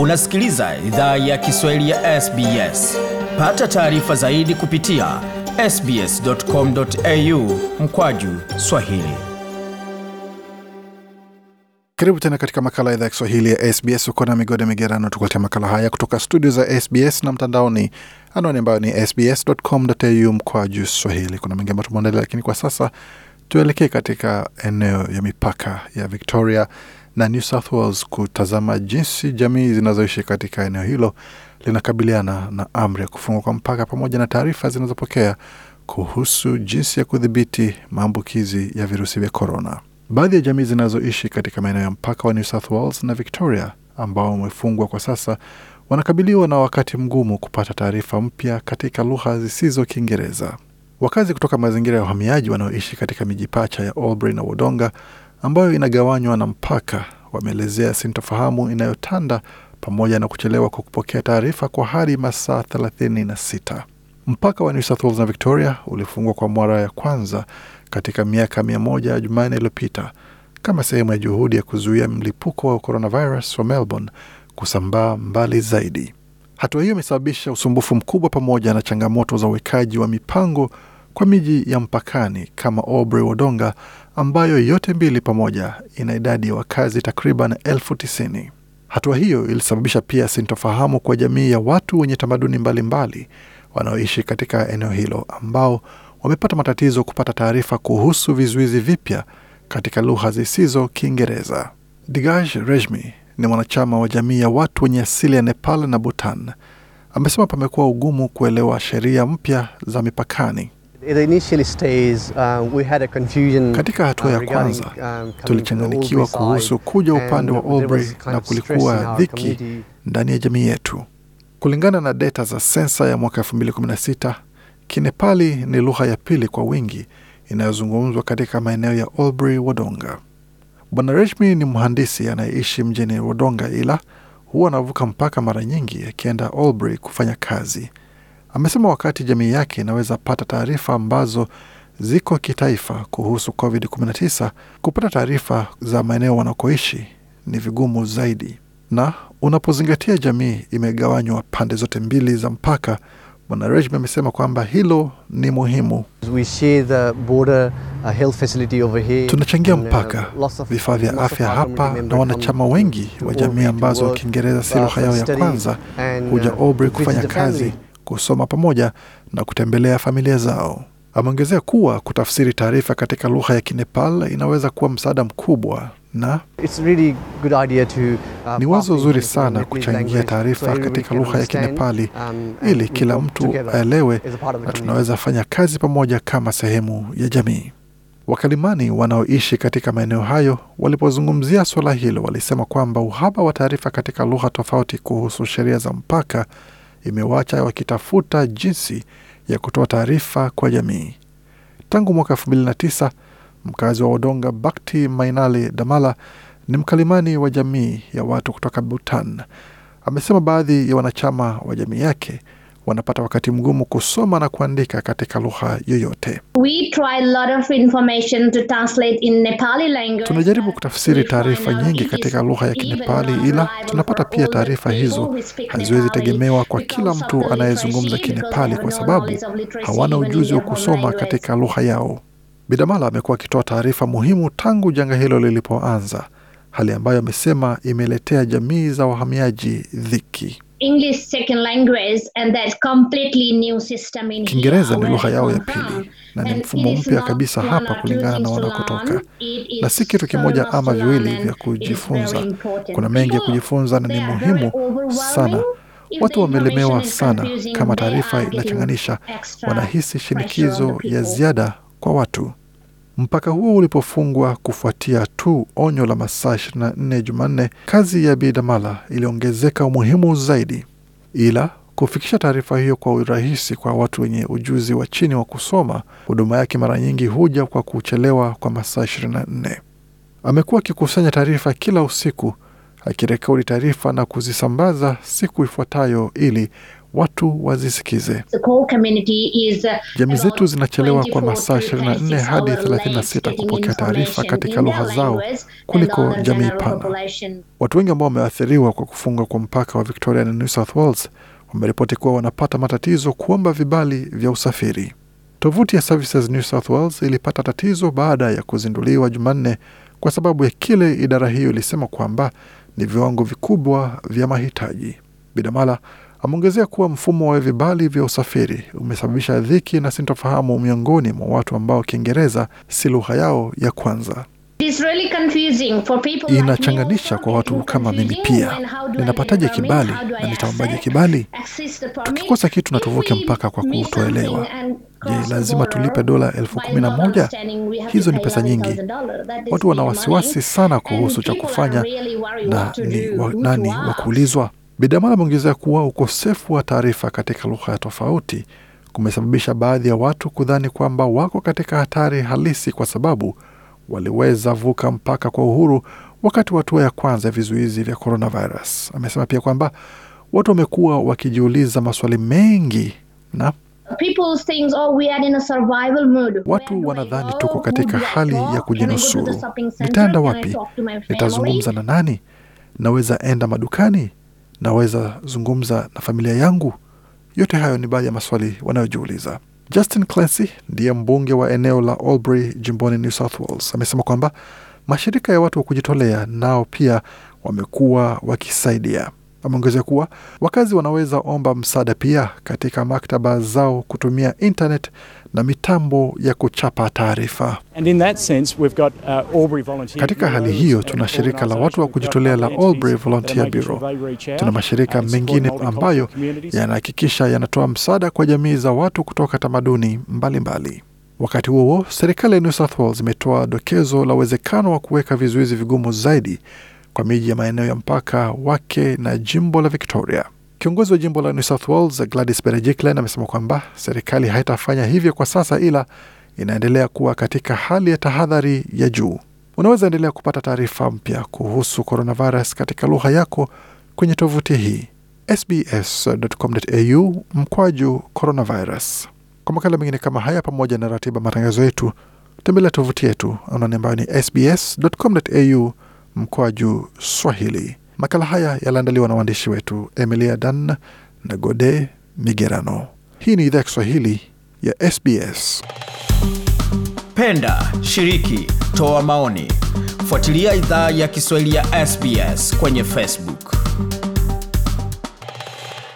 Unasikiliza idhaa ya Kiswahili ya SBS. Pata taarifa zaidi kupitia sbs.com.au mkwaju swahili. Karibu tena katika makala ya idhaa ya Kiswahili ya SBS. Uko na migode migerano, tukuletea makala haya kutoka studio za SBS na mtandaoni, anaoni ambayo ni sbs.com.au mkwaju swahili. Kuna mengi ambayo tumeandalia, lakini kwa sasa Tuelekee katika eneo ya mipaka ya Victoria na New South Wales kutazama jinsi jamii zinazoishi katika eneo hilo linakabiliana na amri ya kufungwa kwa mpaka pamoja na taarifa zinazopokea kuhusu jinsi ya kudhibiti maambukizi ya virusi vya korona. Baadhi ya jamii zinazoishi katika maeneo ya mpaka wa New South Wales na Victoria ambao wamefungwa kwa sasa wanakabiliwa na wakati mgumu kupata taarifa mpya katika lugha zisizo Kiingereza. Wakazi kutoka mazingira ya uhamiaji wanaoishi katika miji pacha ya Albury na Wodonga ambayo inagawanywa na mpaka wameelezea sintofahamu inayotanda pamoja na kuchelewa kwa kupokea taarifa kwa hadi masaa 36. Mpaka wa New South Wales na Victoria ulifungwa kwa mara ya kwanza katika miaka mia moja Jumanne iliyopita kama sehemu ya juhudi ya kuzuia mlipuko wa coronavirus wa Melbourne kusambaa mbali zaidi. Hatua hiyo imesababisha usumbufu mkubwa pamoja na changamoto za uwekaji wa mipango kwa miji ya mpakani kama Obre Wodonga, ambayo yote mbili pamoja ina idadi ya wakazi takriban elfu tisini. Hatua hiyo ilisababisha pia sintofahamu kwa jamii ya watu wenye tamaduni mbalimbali wanaoishi katika eneo hilo ambao wamepata matatizo kupata taarifa kuhusu vizuizi vipya katika lugha zisizo Kiingereza. Digaj Rejmi ni mwanachama wa jamii ya watu wenye asili ya Nepal na Bhutan, amesema pamekuwa ugumu kuelewa sheria mpya za mipakani. Uh, katika hatua uh, ya kwanza um, tulichanganyikiwa kuhusu kuja upande wa Albury na kulikuwa dhiki ndani ya jamii yetu. Kulingana na data za sensa ya mwaka 2016, Kinepali ni lugha ya pili kwa wingi inayozungumzwa katika maeneo ya Albury Wodonga. Bwana Reshmi ni mhandisi anayeishi mjini Wodonga, ila huwa anavuka mpaka mara nyingi akienda Albury kufanya kazi. Amesema wakati jamii yake inaweza pata taarifa ambazo ziko kitaifa kuhusu COVID-19, kupata taarifa za maeneo wanakoishi ni vigumu zaidi, na unapozingatia jamii imegawanywa pande zote mbili za mpaka. Bwana Rejbe amesema kwamba hilo ni muhimu. Border, uh, tunachangia uh, mpaka uh, vifaa vya afya hapa na wanachama wengi wa jamii ambazo Kiingereza si lugha uh, yao ya kwanza huja Aubrey kufanya kazi kusoma pamoja na kutembelea familia zao. Ameongezea kuwa kutafsiri taarifa katika lugha ya Kinepal inaweza kuwa msaada mkubwa na It's really good idea to, uh, ni wazo zuri sana kuchangia taarifa so katika lugha ya Kinepali um, ili kila mtu aelewe, na tunaweza fanya kazi pamoja kama sehemu ya jamii. Wakalimani wanaoishi katika maeneo hayo walipozungumzia suala hilo, walisema kwamba uhaba wa taarifa katika lugha tofauti kuhusu sheria za mpaka imewacha wakitafuta jinsi ya kutoa taarifa kwa jamii. Tangu mwaka tisa, mkazi wa Odonga Bakti Mainali Damala ni mkalimani wa jamii ya watu kutoka Bhutan. Amesema baadhi ya wanachama wa jamii yake wanapata wakati mgumu kusoma na kuandika katika lugha yoyote. Tunajaribu kutafsiri taarifa nyingi katika lugha ya Kinepali, ila tunapata pia taarifa hizo haziwezi tegemewa kwa kila mtu anayezungumza Kinepali kwa sababu hawana ujuzi wa kusoma katika lugha yao. Bidamala amekuwa akitoa taarifa muhimu tangu janga hilo lilipoanza, hali ambayo amesema imeletea jamii za wahamiaji dhiki. English second language and completely new system in Kiingereza ni lugha yao ya uh-huh. pili na ni mfumo mpya kabisa hapa kulingana na wanakotoka, na si kitu kimoja ama viwili vya kujifunza. Kuna mengi ya kujifunza na ni muhimu sana. Watu wamelemewa sana, kama taarifa uh, inachanganisha, wanahisi shinikizo ya ziada kwa watu mpaka huo ulipofungwa kufuatia tu onyo la masaa 24 Jumanne, kazi ya bidamala iliongezeka umuhimu zaidi, ila kufikisha taarifa hiyo kwa urahisi kwa watu wenye ujuzi wa chini wa kusoma. Huduma yake mara nyingi huja kwa kuchelewa kwa masaa 24. Amekuwa akikusanya taarifa kila usiku, akirekodi taarifa na kuzisambaza siku ifuatayo ili watu wazisikize. Uh, jamii zetu zinachelewa kwa masaa 24 hadi 36 kupokea taarifa katika lugha zao kuliko jamii pana. Watu wengi ambao wameathiriwa kwa kufungwa kwa mpaka wa Victoria na New South Wales wameripoti kuwa wanapata matatizo kuomba vibali vya usafiri. Tovuti ya Services New South Wales ilipata tatizo baada ya kuzinduliwa Jumanne kwa sababu ya kile idara hiyo ilisema kwamba ni viwango vikubwa vya mahitaji. Bidamala Ameongezea kuwa mfumo wa vibali vya usafiri umesababisha dhiki na sintofahamu miongoni mwa watu ambao Kiingereza si lugha yao ya kwanza. Really like inachanganisha kwa watu kama mimi pia. Ninapataje kibali na nitaombaje kibali? Tukikosa kitu na tuvuke mpaka kwa kutoelewa. Je, lazima tulipe dola elfu kumi na moja? Hizo ni pesa nyingi. Watu wana wasiwasi sana kuhusu cha kufanya, na ni wa, nani wa kuulizwa. Bidamala ameongezea kuwa ukosefu wa taarifa katika lugha tofauti kumesababisha baadhi ya watu kudhani kwamba wako katika hatari halisi kwa sababu waliweza vuka mpaka kwa uhuru wakati wa hatua ya kwanza ya vizuizi vya coronavirus. Amesema pia kwamba watu wamekuwa wakijiuliza maswali mengi na Things, oh, we are in a survival Watu wanadhani tuko katika hali ya kujinusuru. Nitaenda wapi? Nitazungumza na nani? Naweza enda madukani? naweza zungumza na familia yangu? Yote hayo ni baadhi ya maswali wanayojiuliza. Justin Clancy ndiye mbunge wa eneo la Albury jimboni New South Wales amesema kwamba mashirika ya watu wa kujitolea nao pia wamekuwa wakisaidia. Ameongezea kuwa wakazi wanaweza omba msaada pia katika maktaba zao kutumia internet na mitambo ya kuchapa taarifa. Uh, katika hali hiyo, tuna shirika la watu wa kujitolea la Albury Volunteer Bureau. Tuna mashirika mengine ambayo yanahakikisha yanatoa msaada kwa jamii za watu kutoka tamaduni mbalimbali mbali. Wakati huo huo, serikali ya New South Wales imetoa dokezo la uwezekano wa kuweka vizuizi vigumu zaidi kwa miji ya maeneo ya mpaka wake na jimbo la Victoria. Kiongozi wa jimbo la New South Wales Gladys Berejiklian amesema kwamba serikali haitafanya hivyo kwa sasa, ila inaendelea kuwa katika hali ya tahadhari ya juu. Unaweza endelea kupata taarifa mpya kuhusu coronavirus katika lugha yako kwenye tovuti hii sbs.com.au mkwaju coronavirus. Kwa makala mengine kama haya, pamoja na ratiba matangazo yetu, tembelea tovuti yetu anwani ambayo ni sbs.com.au mkoa juu Swahili. Makala haya yaliandaliwa na waandishi wetu Emilia Dan na Gode Migerano. Hii ni idhaa ya Kiswahili ya SBS. Penda, shiriki, toa maoni, fuatilia idhaa ya Kiswahili ya SBS kwenye Facebook.